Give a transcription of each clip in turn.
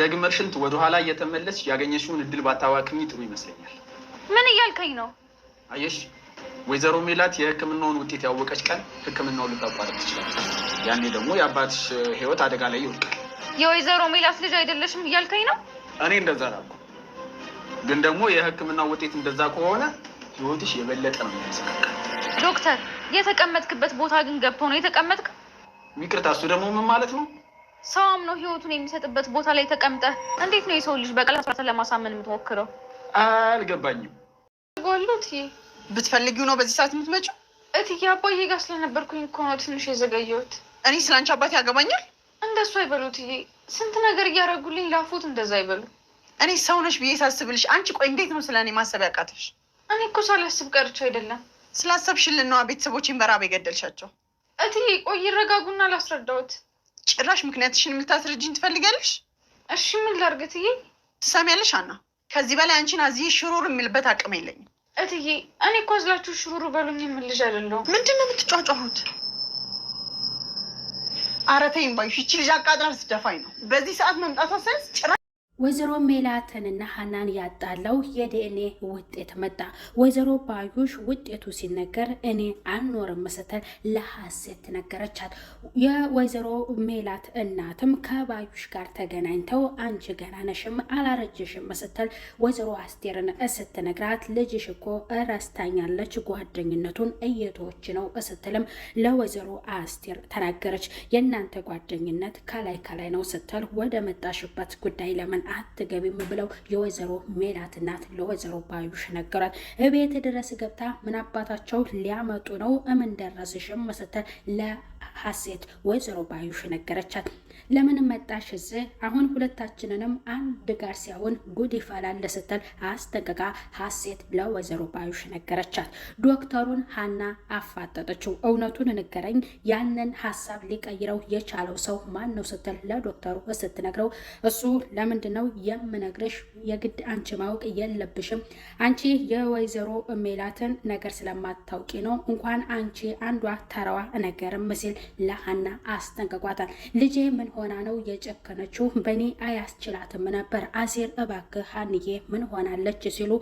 ደግመሽንት ወደኋላ እየተመለስሽ ያገኘሽውን እድል ባታዋክሚ ጥሩ ይመስለኛል። ምን እያልከኝ ነው? አየሽ ወይዘሮ ሜላት የሕክምናውን ውጤት ያወቀች ቀን ሕክምናውን ልታቋረጥ ትችላለች። ያኔ ደግሞ የአባትሽ ሕይወት አደጋ ላይ ይወድቃል። የወይዘሮ ሜላት ልጅ አይደለሽም እያልከኝ ነው? እኔ እንደዛ ላልኩ፣ ግን ደግሞ የሕክምና ውጤት እንደዛ ከሆነ ሕይወትሽ የበለጠ ነው የሚያስቀቃል። ዶክተር፣ የተቀመጥክበት ቦታ ግን ገብቶ ነው የተቀመጥክ? ይቅርታ፣ እሱ ደግሞ ምን ማለት ነው? ሰው አምኖ ህይወቱን የሚሰጥበት ቦታ ላይ ተቀምጠ እንዴት ነው የሰው ልጅ በቀላ ስራተ ለማሳመን የምትሞክረው? አልገባኝም። ጎሉት ብትፈልጊው ነው በዚህ ሰዓት የምትመጪው? እትዬ አባዬ ጋር ስለነበርኩኝ እኮ ነው ትንሽ የዘገየሁት። እኔ ስለ አንቺ አባት ያገባኛል? እንደሱ አይበሉት። ስንት ነገር እያደረጉልኝ ላፉት፣ እንደዛ አይበሉ። እኔ ሰው ነሽ ብዬ ሳስብልሽ፣ አንቺ ቆይ እንዴት ነው ስለ እኔ ማሰብ ያቃተሽ? እኔ እኮ ሳላስብ ቀርቼ አይደለም። ስላሰብሽልን ነዋ ቤተሰቦቼን በራብ የገደልሻቸው። እትዬ ቆይ ይረጋጉና ላስረዳሁት ጭራሽ ምክንያትሽን ልታስረጅኝ ትፈልጋለሽ? እሺ ምን ላድርግ እትዬ? ትሰሚያለሽ አና፣ ከዚህ በላይ አንቺን አዝዬ ሽሩር የሚልበት አቅም የለኝም እትዬ። እኔ እኮ አዝላችሁ ሽሩሩ በሉኝ የምል ልጅ አይደለሁም። ምንድን ነው የምትጫጫሁት? አረ ተይኝ ይቺ ልጅ አቃጥላ ስደፋኝ ነው በዚህ ሰዓት መምጣቷ ሳይንስ ጭራ ወይዘሮ ሜላትንና ሀናን ያጣለው የዲኤንኤ ውጤት መጣ። ወይዘሮ ባዩሽ ውጤቱ ሲነገር እኔ አልኖርም ስትል ለሀሴት ነገረቻት። የወይዘሮ ሜላት እናትም ከባዩሽ ጋር ተገናኝተው አንቺ ገና ነሽም አላረጅሽም ስትል ወይዘሮ አስቴርን ስትነግራት ልጅሽ እኮ እረስታኛለች ጓደኝነቱን እየቶች ነው ስትልም ለወይዘሮ አስቴር ተናገረች። የእናንተ ጓደኝነት ከላይ ከላይ ነው ስትል ወደ መጣሽበት ጉዳይ ለምን አትገቢም ብለው የወይዘሮ ሜላት እናት ለወይዘሮ ባዩሽ ነገራት። እቤት ድረስ ገብታ ምን አባታቸው ሊያመጡ ነው? እምን ደረስሽም ስትል ለሀሴት ወይዘሮ ባዩሽ ነገረቻት። ለምን መጣሽ እዚህ? አሁን ሁለታችንንም አንድ ጋር ሲያውን ጉድ ይፈላል ስትል አስጠንቅቃ ሀሴት ለወይዘሮ ባዩሽ ነገረቻት። ዶክተሩን ሀና አፋጠጠችው። እውነቱን ንገረኝ፣ ያንን ሀሳብ ሊቀይረው የቻለው ሰው ማን ነው ስትል ለዶክተሩ ስትነግረው እሱ ለምንድን ነው የምነግርሽ፣ የግድ አንቺ ማወቅ የለብሽም አንቺ የወይዘሮ ሜላትን ነገር ስለማታውቂ ነው እንኳን አንቺ አንዷ ተራዋ ነገርም ሲል ለሀና አስጠንቅቋታል። ልጄ ምን ሆና ነው የጨከነችው? በእኔ አያስችላትም ነበር። አሴር እባክህ ሀንዬ ምን ሆናለች ሲሉ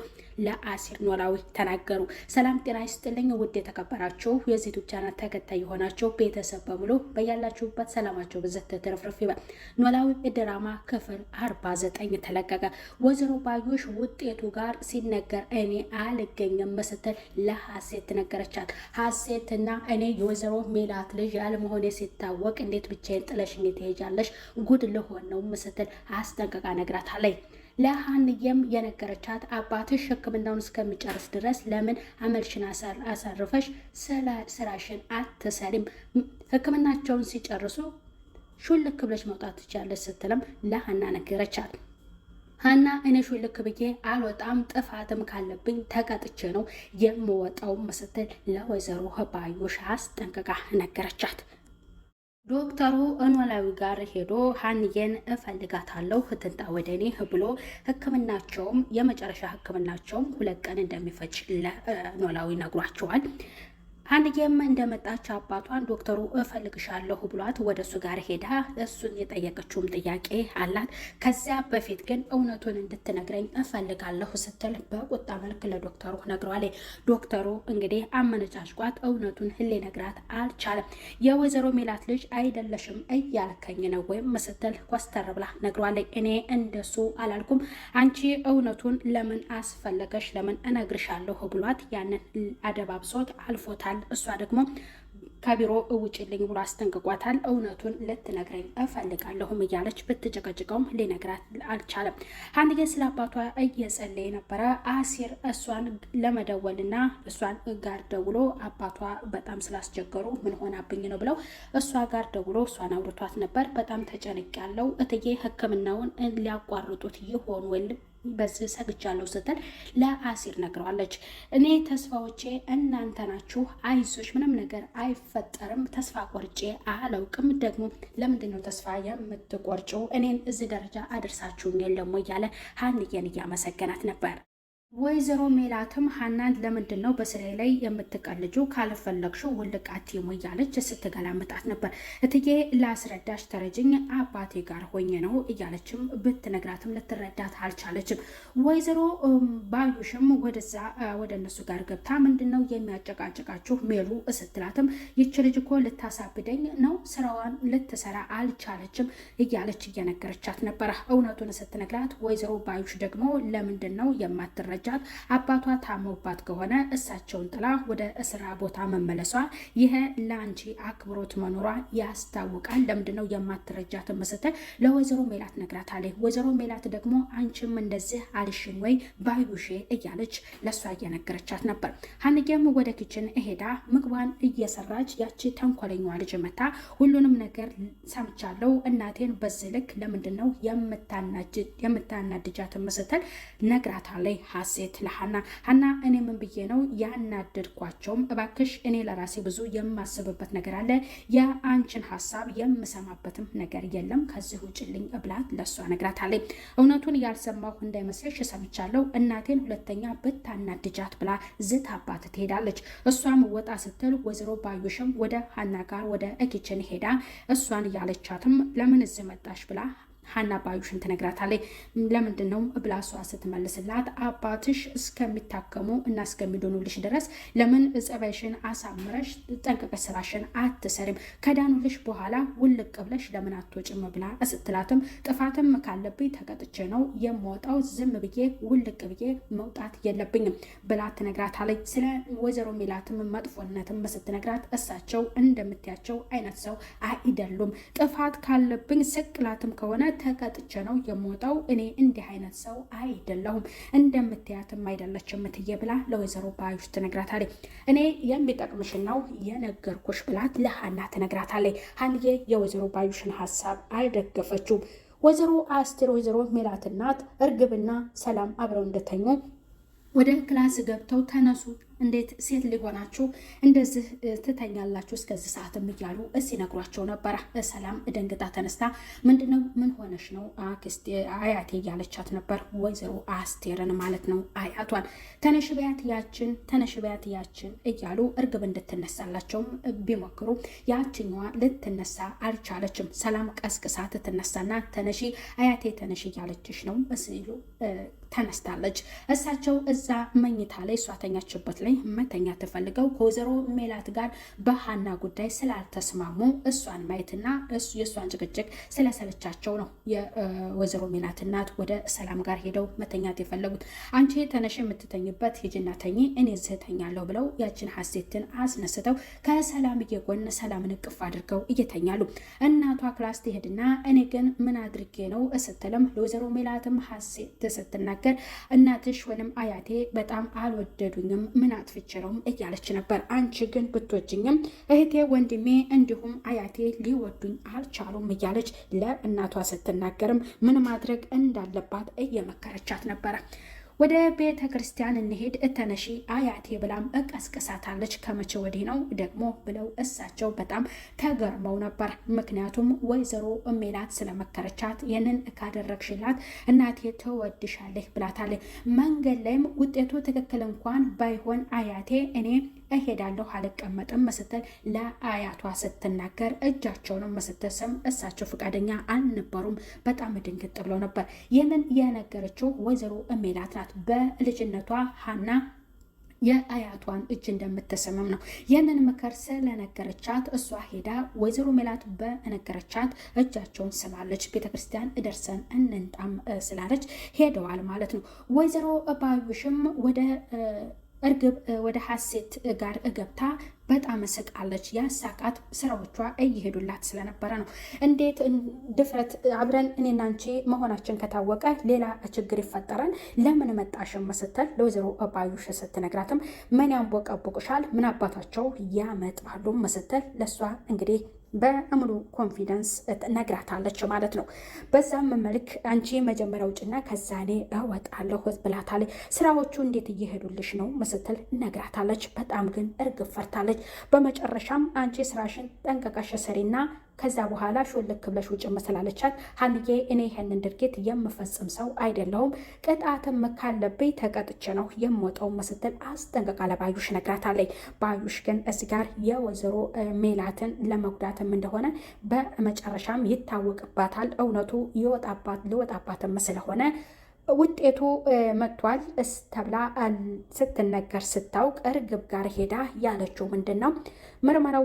ለአሲር ኖላዊ ተናገሩ። ሰላም ጤና ይስጥልኝ ውድ የተከበራችሁ የዩቲዩብ ቻናል ተከታይ የሆናችሁ ቤተሰብ በሙሉ በያላችሁበት ሰላማቸው ብዘት ተረፍረፍ ይበል። ኖላዊ ድራማ ክፍል አርባ ዘጠኝ ተለቀቀ። ወይዘሮ ባዮሽ ውጤቱ ጋር ሲነገር እኔ አልገኝም ስትል ለሀሴት ትነገረቻት። ሀሴትና እኔ የወይዘሮ ሜላት ልጅ ያለመሆኔ ሲታወቅ እንዴት ብቻዬን እንዴት ትሄጃለሽ? ጉድ ልሆን ነው ስትል አስጠንቀቃ ነግራታለች። ለሀንየም የነገረቻት አባትሽ ሕክምናውን እስከሚጨርስ ድረስ ለምን አመልሽን አሳርፈሽ ስራሽን አትሰሪም? ሕክምናቸውን ሲጨርሱ ሹልክ ብለሽ መውጣት ትችያለሽ ስትልም ለሀና ነገረቻት። ሀና እኔ ሹልክ ብዬ አልወጣም፣ ጥፋትም ካለብኝ ተቀጥቼ ነው የምወጣው ስትል ለወይዘሮ ባዩሽ አስጠንቅቃ ነገረቻት። ዶክተሩ ኖላዊ ጋር ሄዶ ሀንዬን እፈልጋታለሁ ህትንጣ ወደ እኔ ብሎ ህክምናቸውም የመጨረሻ ህክምናቸውም ሁለት ቀን እንደሚፈጭ ለኖላዊ ነግሯቸዋል። ሀንዬም እንደመጣች አባቷን ዶክተሩ እፈልግሻለሁ ብሏት ወደ እሱ ጋር ሄዳ እሱን የጠየቀችውም ጥያቄ አላት። ከዚያ በፊት ግን እውነቱን እንድትነግረኝ እፈልጋለሁ ስትል በቁጣ መልክ ለዶክተሩ ነግረዋል። ዶክተሩ እንግዲህ አመነጫጭቋት እውነቱን ህሌ ነግራት አልቻለም። የወይዘሮ ሜላት ልጅ አይደለሽም እያልከኝ ነው ወይም ስትል ኮስተር ብላ ነግረዋለች። እኔ እንደሱ አላልኩም። አንቺ እውነቱን ለምን አስፈለገሽ? ለምን እነግርሻለሁ ብሏት ያንን አደባብሶት አልፎታል። ይላታል። እሷ ደግሞ ከቢሮ እውጭልኝ ብሎ አስጠንቅቋታል። እውነቱን ልትነግረኝ እፈልጋለሁም እያለች ብትጨቀጭቀውም ሊነግራት አልቻለም። ሀንዬ ስለ አባቷ እየጸለየ ነበረ። አሲር እሷን ለመደወልና እሷን ጋር ደውሎ አባቷ በጣም ስላስቸገሩ ምን ሆናብኝ ነው ብለው እሷ ጋር ደውሎ እሷን አውርቷት ነበር። በጣም ተጨንቅ ያለው እትዬ ሕክምናውን ሊያቋርጡት ይሆን ወይም በዚህ ሰግቻለሁ ስትል ለአሲር ነግረዋለች። እኔ ተስፋዎቼ እናንተ ናችሁ፣ አይዞች፣ ምንም ነገር አይፈጠርም፣ ተስፋ ቆርጬ አላውቅም። ደግሞ ለምንድን ነው ተስፋ የምትቆርጭው? እኔን እዚህ ደረጃ አድርሳችሁ የለም እያለ ሀንዬን እያመሰገናት ነበር። ወይዘሮ ሜላትም ሀናን ለምንድን ነው በስሬ ላይ የምትቀልጁ? ካልፈለግሽው ውልቅ አትይም እያለች ስትገላምጣት ነበር። እትዬ ላስረዳሽ፣ ተረጅኝ፣ አባቴ ጋር ሆኜ ነው እያለችም ብትነግራትም ልትረዳት አልቻለችም። ወይዘሮ ባዩሽም ወደዛ ወደ እነሱ ጋር ገብታ ምንድን ነው የሚያጨቃጭቃችሁ ሜሉ ስትላትም፣ ይች ልጅ እኮ ልታሳብደኝ ነው፣ ስራዋን ልትሰራ አልቻለችም እያለች እየነገረቻት ነበረ። እውነቱን ስትነግራት ወይዘሮ ባዩሽ ደግሞ ለምንድን ነው የማትረ ያስፈረጃት አባቷ ታሞባት ከሆነ እሳቸውን ጥላ ወደ እስራ ቦታ መመለሷ ይሄ ለአንቺ አክብሮት መኖሯ ያስታውቃል። ለምንድን ነው የማትረጃት? መሰተ ለወይዘሮ ሜላት ነግራታለች። ወይዘሮ ሜላት ደግሞ አንቺም እንደዚህ አልሽን ወይ ባዩሼ እያለች ለእሷ እየነገረቻት ነበር። ሀንጌም ወደ ኪችን እሄዳ ምግቧን እየሰራች ያቺ ተንኮለኛዋ ልጅ መታ ሁሉንም ነገር ሰምቻለሁ፣ እናቴን በዚህ ልክ ለምንድን ነው የምታናድጃትን ስትል ነግራታለች። ሀሴት ለሀና ሀና እኔ ምን ብዬ ነው ያናደድኳቸውም? እባክሽ እኔ ለራሴ ብዙ የማስብበት ነገር አለ። የአንችን ሀሳብ የምሰማበትም ነገር የለም ከዚህ ውጭልኝ ብላት ለእሷ ነግራታለች። እውነቱን ያልሰማሁ እንዳይመስልሽ ሰምቻለሁ። እናቴን ሁለተኛ ብታናድጃት ብላ አባት ትሄዳለች። እሷም ወጣ ስትል ወይዘሮ ባዩሽም ወደ ሀና ጋር ወደ እኪችን ሄዳ እሷን እያለቻትም ለምን እዚህ መጣሽ ብላ ሀና ባዩሽን ትነግራታለች። ለምንድን ነው ብላ እሷ ስትመልስላት አባትሽ እስከሚታከሙ እና እስከሚድኑልሽ ድረስ ለምን ጸባይሽን አሳምረሽ ጠንቅቀሽ ስራሽን አትሰሪም? ከዳኑልሽ በኋላ ውልቅ ብለሽ ለምን አትወጭም? ብላ ስትላትም ጥፋትም ካለብኝ ተቀጥቼ ነው የምወጣው፣ ዝም ብዬ ውልቅ ብዬ መውጣት የለብኝም ብላ ትነግራታለች። ስለ ወይዘሮ ሜላትም መጥፎነትም ስትነግራት እሳቸው እንደምትያቸው አይነት ሰው አይደሉም፣ ጥፋት ካለብኝ ስቅላትም ከሆነ ተቀጥቼ ነው የምወጣው። እኔ እንዲህ አይነት ሰው አይደለሁም፣ እንደምትያትም አይደለች የምትዬ ብላ ለወይዘሮ ባዩሽ ትነግራታለች። እኔ የሚጠቅምሽን ነው የነገርኩሽ ብላት ለሀና ትነግራታለች። ሀንዬ የወይዘሮ ባዩሽን ሀሳብ አልደገፈችውም። ወይዘሮ አስቴር ወይዘሮ ሜላት እናት እርግብና ሰላም አብረው እንደተኙ ወደ ክላስ ገብተው ተነሱ እንዴት ሴት ሊሆናችሁ እንደዚህ ትተኛላችሁ እስከዚህ ሰዓትም እያሉ ሲነግሯቸው ነበረ። ሰላም ደንግጣ ተነስታ ምንድነው ምን ሆነሽ ነው አያቴ እያለቻት ነበር፣ ወይዘሮ አስቴርን ማለት ነው። አያቷን ተነሽ በያት ያችን ተነሽ በያት ያችን እያሉ እርግብ እንድትነሳላቸው ቢሞክሩ ያችኛዋ ልትነሳ አልቻለችም። ሰላም ቀስቅሳ ትነሳና ተነሺ አያቴ ተነሽ እያለችሽ ነው ሲሉ ተነስታለች። እሳቸው እዛ መኝታ ላይ እሷ ተኛችበት ላይ መተኛ ተፈልገው ከወይዘሮ ሜላት ጋር በሀና ጉዳይ ስላልተስማሙ እሷን ማየትና የእሷን ጭቅጭቅ ስለሰለቻቸው ነው የወይዘሮ ሜላት እናት ወደ ሰላም ጋር ሄደው መተኛት የፈለጉት። አንቺ ተነሽ የምትተኝበት ሂጂና ተኝ፣ እኔ እዚህ ብለው ያችን ሀሴትን አስነስተው ከሰላም እየጎን ሰላምን እቅፍ አድርገው እየተኛሉ። እናቷ ክላስ ትሄድና እኔ ግን ምን አድርጌ ነው ስትልም ለወይዘሮ ሜላትም ሀሴት ስትናገር ስትናገር እናትሽ ወይንም አያቴ በጣም አልወደዱኝም፣ ምን አጥፍቼለውም እያለች ነበር። አንቺ ግን ብትወጂኝም እህቴ፣ ወንድሜ እንዲሁም አያቴ ሊወዱኝ አልቻሉም እያለች ለእናቷ ስትናገርም ምን ማድረግ እንዳለባት እየመከረቻት ነበረ። ወደ ቤተ ክርስቲያን እንሄድ እተነሺ አያቴ ብላም እቀስቅሳታለች። ከመቼ ወዲህ ነው ደግሞ ብለው እሳቸው በጣም ተገርመው ነበር። ምክንያቱም ወይዘሮ ሜላት ስለመከረቻት ይህንን ካደረግሽላት እናቴ ትወድሻለች ብላታለች። መንገድ ላይም ውጤቱ ትክክል እንኳን ባይሆን አያቴ እኔ እሄዳለሁ አልቀመጥም ስትል ለአያቷ ስትናገር እጃቸውንም ስም እሳቸው ፈቃደኛ አልነበሩም። በጣም ድንግጥ ብለው ነበር። ይህንን የነገረችው ወይዘሮ ሜላት ናት። በልጅነቷ ሀና የአያቷን እጅ እንደምትስምም ነው። ይህንን ምክር ስለነገረቻት እሷ ሄዳ ወይዘሮ ሜላት በነገረቻት እጃቸውን ስማለች። ቤተክርስቲያን እደርሰን እንንጣም ስላለች ሄደዋል ማለት ነው። ወይዘሮ ባዩሽም ወደ እርግብ ወደ ሀሴት ጋር ገብታ በጣም እስቃለች። ያሳቃት ስራዎቿ እየሄዱላት ስለነበረ ነው። እንዴት ድፍረት አብረን እኔና አንቺ መሆናችን ከታወቀ ሌላ ችግር ይፈጠራል። ለምን መጣሽም ስትል ለወይዘሮ ባዩሽ ስትነግራትም ምን ያንቦቀቡቅሻል? ምን አባታቸው ያመጣሉ? ስትል ለእሷ እንግዲህ በሙሉ ኮንፊደንስ ነግራታለች ማለት ነው። በዛም መልክ አንቺ መጀመሪያ ውጭና ከዛ እኔ እወጣለሁ ብላታለች። ስራዎቹ እንዴት እየሄዱልሽ ነው ስትል ነግራታለች። በጣም ግን እርግፍ ፈርታለች። በመጨረሻም አንቺ ስራሽን ጠንቀቀሽ ስሪና ከዛ በኋላ ሾልክ ብለሽ ውጭ መሰላለቻት። ሀንዬ እኔ ይህንን ድርጊት የምፈጽም ሰው አይደለሁም፣ ቅጣትም ካለብኝ ተቀጥቼ ነው የምወጣው መስትል አስጠንቅቃ ለባዩሽ ነግራታለች። ባዩሽ ግን እዚ ጋር የወይዘሮ ሜላትን ለመጉዳትም እንደሆነ በመጨረሻም ይታወቅባታል። እውነቱ ሊወጣባትም ስለሆነ ውጤቱ መጥቷል ተብላ ስትነገር ስታውቅ እርግብ ጋር ሄዳ ያለችው ምንድን ነው ምርመራው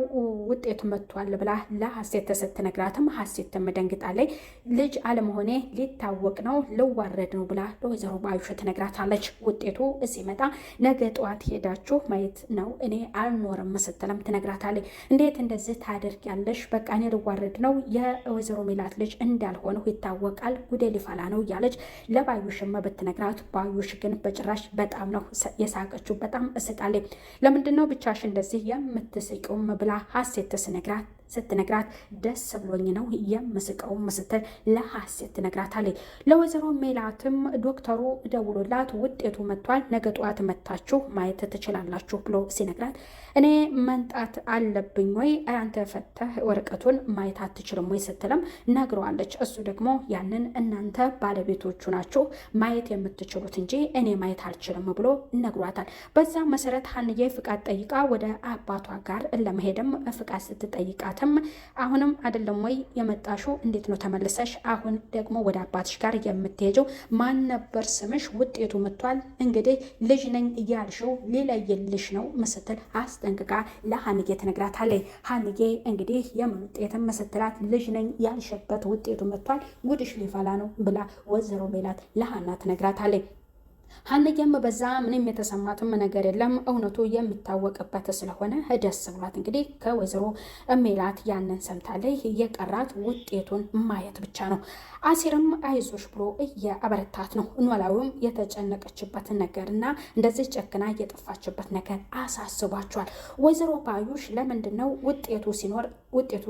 ውጤቱ መጥቷል ብላ ለሀሴት ስትነግራትም ሀሴት ትደነግጣለች። ልጅ አለመሆኔ ሊታወቅ ነው ልዋረድ ነው ብላ ለወይዘሮ ባዩሽ ትነግራታለች። ውጤቱ ሲመጣ ነገ ጠዋት ሄዳችሁ ማየት ነው እኔ አልኖርም ስትልም ትነግራታለች። እንዴት እንደዚህ ታደርጊያለሽ? በቃ እኔ ልዋረድ ነው የወይዘሮ ሜላት ልጅ እንዳልሆነው ይታወቃል፣ ጉዴ ሊፈላ ነው እያለች ለባዩሽም ብትነግራት ባዩሽ ግን በጭራሽ በጣም ነው የሳቀችው። በጣም እስቃለች። ለምንድን ነው ብቻሽ እንደዚህ የምትስይ ስቄውም ብላ ሀሴት ተስነግራት ስትነግራት ደስ ብሎኝ ነው የምስቀውም ስትል ለሀሴት ትነግራታለች። ለወይዘሮ ሜላትም ዶክተሩ ደውሎላት ውጤቱ መጥቷል፣ ነገ ጠዋት መታችሁ ማየት ትችላላችሁ ብሎ ሲነግራት እኔ መንጣት አለብኝ ወይ አንተ ፈተህ ወረቀቱን ማየት አትችልም ወይ ስትልም ነግረዋለች። እሱ ደግሞ ያንን እናንተ ባለቤቶቹ ናችሁ ማየት የምትችሉት እንጂ እኔ ማየት አልችልም ብሎ ነግሯታል። በዛ መሰረት ሀንዬ ፍቃድ ጠይቃ ወደ አባቷ ጋር ለመሄድም ፍቃድ ስትጠይቃት የላትም። አሁንም አይደለም ወይ የመጣሹ? እንዴት ነው ተመልሰሽ አሁን ደግሞ ወደ አባትሽ ጋር የምትሄጀው? ማን ነበር ስምሽ? ውጤቱ መጥቷል። እንግዲህ ልጅ ነኝ እያልሽው ሊለይልሽ ነው ምስትል አስጠንቅቃ ለሀንጌ ትነግራታለች። ሀንጌ እንግዲህ የምን ውጤትም ምስትላት ልጅ ነኝ ያልሽበት ውጤቱ መጥቷል፣ ጉድሽ ሊፈላ ነው ብላ ወይዘሮ ሜላት ለሀና ትነግራታለች። ሀንየም በዛ ምንም የተሰማትም ነገር የለም። እውነቱ የሚታወቅበት ስለሆነ ደስ ብሏት እንግዲህ ከወይዘሮ ሜላት ያንን ሰምታለይ የቀራት ውጤቱን ማየት ብቻ ነው። አሲርም አይዞሽ ብሎ እየአበረታት ነው። ኖላዊም የተጨነቀችበት ነገር እና እንደዚህ ጨክና እየጠፋችበት ነገር አሳስቧቸዋል። ወይዘሮ ባዩሽ ለምንድን ነው ውጤቱ ሲኖር ውጤቱ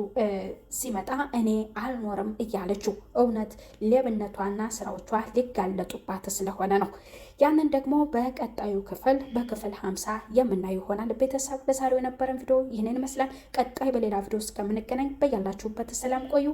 ሲመጣ እኔ አልኖርም እያለችው እውነት ሌብነቷና ስራዎቿ ሊጋለጡባት ስለሆነ ነው ያንን ደግሞ በቀጣዩ ክፍል በክፍል ሀምሳ የምናየው ይሆናል። ቤተሰብ ለዛሬው የነበረን ቪዲዮ ይህንን ይመስላል። ቀጣይ በሌላ ቪዲዮ እስከምንገናኝ በያላችሁበት ሰላም ቆዩ።